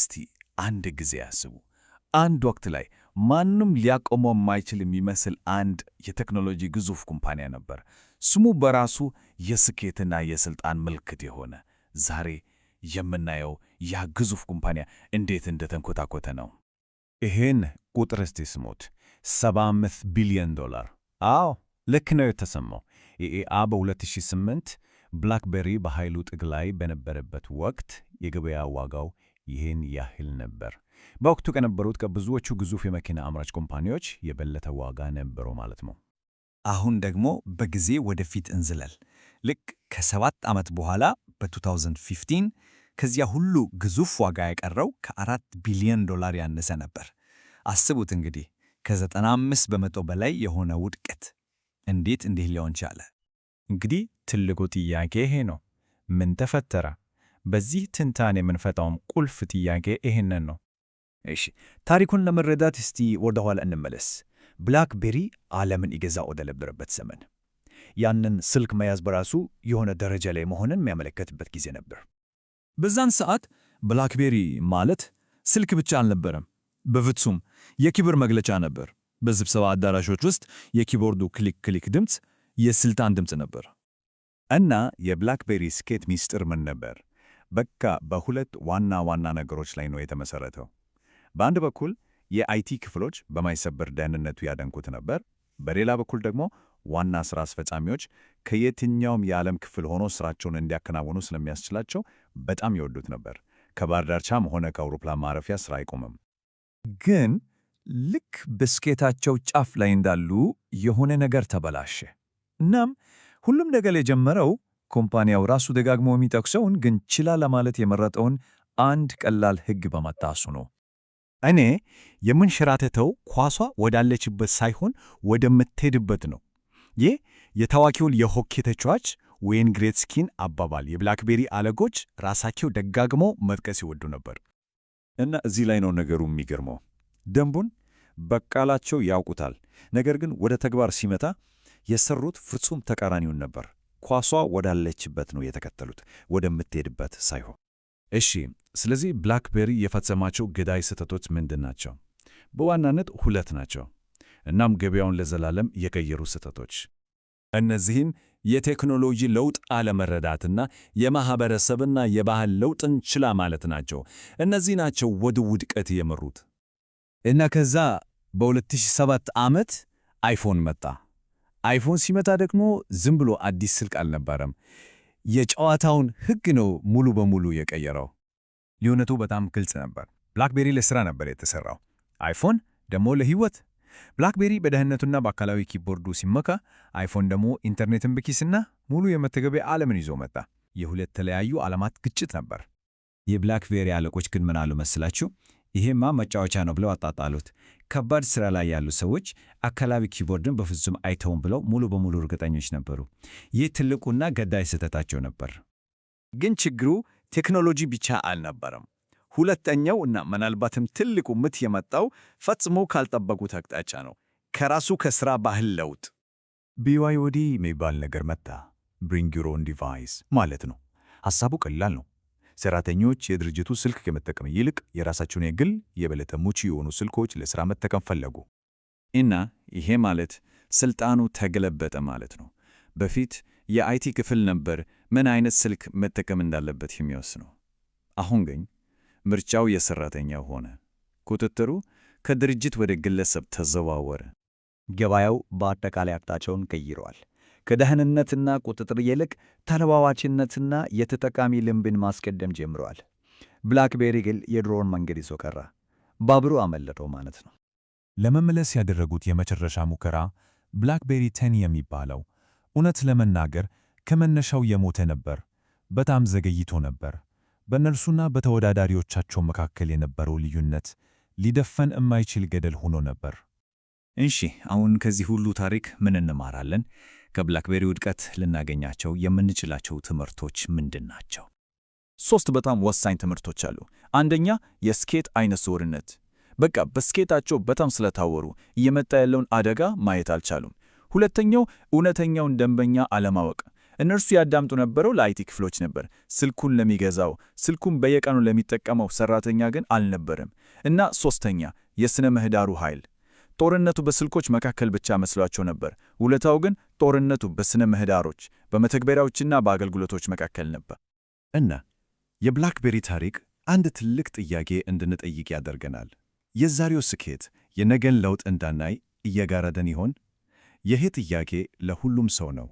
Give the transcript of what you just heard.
እስቲ አንድ ጊዜ ያስቡ። አንድ ወቅት ላይ ማንም ሊያቆመው የማይችል የሚመስል አንድ የቴክኖሎጂ ግዙፍ ኩምፓኒያ ነበር። ስሙ በራሱ የስኬትና የስልጣን ምልክት የሆነ ዛሬ የምናየው ያ ግዙፍ ኩምፓኒያ እንዴት እንደተንኮታኮተ ነው። ይህን ቁጥር እስቲ ስሙት፣ 75 ቢሊዮን ዶላር። አዎ ልክ ነው የተሰማው። የኤአ በ2008 ብላክቤሪ በኃይሉ ጥግ ላይ በነበረበት ወቅት የገበያ ዋጋው ይህን ያህል ነበር። በወቅቱ ከነበሩት ከብዙዎቹ ግዙፍ የመኪና አምራች ኮምፓኒዎች የበለጠ ዋጋ ነበረው ማለት ነው። አሁን ደግሞ በጊዜ ወደፊት እንዝለል። ልክ ከሰባት ዓመት በኋላ በ2015 ከዚያ ሁሉ ግዙፍ ዋጋ የቀረው ከአራት ቢሊዮን ዶላር ያነሰ ነበር። አስቡት እንግዲህ ከ95 በመቶ በላይ የሆነ ውድቀት። እንዴት እንዲህ ሊሆን ቻለ? እንግዲህ ትልቁ ጥያቄ ይሄ ነው። ምን ተፈጠረ? በዚህ ትንታን የምንፈታውም ቁልፍ ጥያቄ ይህንን ነው። እሺ ታሪኩን ለመረዳት እስቲ ወደኋላ እንመለስ። ብላክቤሪ ዓለምን ይገዛ ወደለበረበት ዘመን ያንን ስልክ መያዝ በራሱ የሆነ ደረጃ ላይ መሆንን የሚያመለከትበት ጊዜ ነበር። በዛን ሰዓት ብላክቤሪ ማለት ስልክ ብቻ አልነበረም፣ በፍጹም የክብር መግለጫ ነበር። በስብሰባ አዳራሾች ውስጥ የኪቦርዱ ክሊክ ክሊክ ድምፅ የስልጣን ድምፅ ነበር። እና የብላክቤሪ ስኬት ሚስጥር ምን ነበር? በቃ በሁለት ዋና ዋና ነገሮች ላይ ነው የተመሰረተው። በአንድ በኩል የአይቲ ክፍሎች በማይሰበር ደህንነቱ ያደንቁት ነበር። በሌላ በኩል ደግሞ ዋና ስራ አስፈጻሚዎች ከየትኛውም የዓለም ክፍል ሆኖ ስራቸውን እንዲያከናውኑ ስለሚያስችላቸው በጣም ይወዱት ነበር። ከባህር ዳርቻም ሆነ ከአውሮፕላን ማረፊያ ስራ አይቆምም። ግን ልክ በስኬታቸው ጫፍ ላይ እንዳሉ የሆነ ነገር ተበላሸ። እናም ሁሉም ነገር የጀመረው ኩምፓኒያው ራሱ ደጋግሞ የሚጠቅሰውን ግን ችላ ለማለት የመረጠውን አንድ ቀላል ሕግ በመጣሱ ነው። እኔ የምንሸራተተው ኳሷ ወዳለችበት ሳይሆን ወደምትሄድበት ነው። ይህ የታዋቂውን የሆኬ ተጫዋች ዌይን ግሬትስኪን አባባል የብላክቤሪ አለቆች ራሳቸው ደጋግሞ መጥቀስ ይወዱ ነበር። እና እዚህ ላይ ነው ነገሩ የሚገርመው። ደንቡን በቃላቸው ያውቁታል፣ ነገር ግን ወደ ተግባር ሲመጣ የሰሩት ፍጹም ተቃራኒውን ነበር። ኳሷ ወዳለችበት ነው የተከተሉት፣ ወደምትሄድበት ሳይሆን። እሺ፣ ስለዚህ ብላክቤሪ የፈጸማቸው ገዳይ ስህተቶች ምንድን ናቸው? በዋናነት ሁለት ናቸው። እናም ገበያውን ለዘላለም የቀየሩ ስህተቶች እነዚህም የቴክኖሎጂ ለውጥ አለመረዳትና የማኅበረሰብና የባህል ለውጥን ችላ ማለት ናቸው። እነዚህ ናቸው ወደ ውድቀት የመሩት እና ከዛ በ2007 ዓመት አይፎን መጣ። አይፎን ሲመጣ ደግሞ ዝም ብሎ አዲስ ስልክ አልነበረም። የጨዋታውን ሕግ ነው ሙሉ በሙሉ የቀየረው። ልዩነቱ በጣም ግልጽ ነበር። ብላክቤሪ ለሥራ ነበር የተሠራው፣ አይፎን ደግሞ ለሕይወት። ብላክቤሪ በደህንነቱና በአካላዊ ኪቦርዱ ሲመካ፣ አይፎን ደግሞ ኢንተርኔትን በኪስና ሙሉ የመተግበያ ዓለምን ይዞ መጣ። የሁለት ተለያዩ ዓለማት ግጭት ነበር። የብላክቤሪ አለቆች ግን ምን አሉ መስላችሁ? ይሄማ መጫወቻ ነው ብለው አጣጣሉት። ከባድ ስራ ላይ ያሉ ሰዎች አካላዊ ኪቦርድን በፍጹም አይተውም ብለው ሙሉ በሙሉ እርግጠኞች ነበሩ። ይህ ትልቁና ገዳይ ስህተታቸው ነበር። ግን ችግሩ ቴክኖሎጂ ብቻ አልነበረም። ሁለተኛው እና ምናልባትም ትልቁ ምት የመጣው ፈጽሞ ካልጠበቁት አቅጣጫ ነው፣ ከራሱ ከስራ ባህል ለውጥ። ቢዋይኦዲ የሚባል ነገር መጣ። ብሪንግ ዩር ኦውን ዲቫይስ ማለት ነው። ሐሳቡ ቀላል ነው። ሰራተኞች የድርጅቱ ስልክ ከመጠቀም ይልቅ የራሳቸውን የግል የበለጠ ሙቺ የሆኑ ስልኮች ለሥራ መጠቀም ፈለጉ እና ይሄ ማለት ስልጣኑ ተገለበጠ ማለት ነው። በፊት የአይቲ ክፍል ነበር ምን አይነት ስልክ መጠቀም እንዳለበት የሚወስነው። አሁን ግን ምርጫው የሰራተኛው ሆነ፣ ቁጥጥሩ ከድርጅት ወደ ግለሰብ ተዘዋወረ። ገበያው በአጠቃላይ አቅጣጫውን ቀይረዋል። ከደህንነትና ቁጥጥር ይልቅ ተለዋዋችነትና የተጠቃሚ ልምብን ማስቀደም ጀምረዋል። ብላክቤሪ ግል የድሮውን መንገድ ይዞ ቀራ። ባቡሩ አመለጠው ማለት ነው። ለመመለስ ያደረጉት የመጨረሻ ሙከራ ብላክቤሪ ቴን የሚባለው እውነት ለመናገር ከመነሻው የሞተ ነበር። በጣም ዘገይቶ ነበር። በእነርሱና በተወዳዳሪዎቻቸው መካከል የነበረው ልዩነት ሊደፈን የማይችል ገደል ሆኖ ነበር። እንሺ አሁን ከዚህ ሁሉ ታሪክ ምን እንማራለን? ከብላክቤሪ ውድቀት ልናገኛቸው የምንችላቸው ትምህርቶች ምንድን ናቸው? ሶስት በጣም ወሳኝ ትምህርቶች አሉ። አንደኛ የስኬት አይነ ስውርነት። በቃ በስኬታቸው በጣም ስለታወሩ እየመጣ ያለውን አደጋ ማየት አልቻሉም። ሁለተኛው እውነተኛውን ደንበኛ አለማወቅ። እነርሱ ያዳምጡ ነበረው ለአይቲ ክፍሎች ነበር፣ ስልኩን ለሚገዛው ስልኩን በየቀኑ ለሚጠቀመው ሰራተኛ ግን አልነበረም። እና ሶስተኛ የሥነ ምህዳሩ ኃይል ጦርነቱ በስልኮች መካከል ብቻ መስሏቸው ነበር። ውለታው ግን ጦርነቱ በሥነ ምህዳሮች፣ በመተግበሪያዎችና በአገልግሎቶች መካከል ነበር። እና የብላክቤሪ ታሪክ አንድ ትልቅ ጥያቄ እንድንጠይቅ ያደርገናል። የዛሬው ስኬት የነገን ለውጥ እንዳናይ እየጋረደን ይሆን? ይሄ ጥያቄ ለሁሉም ሰው ነው።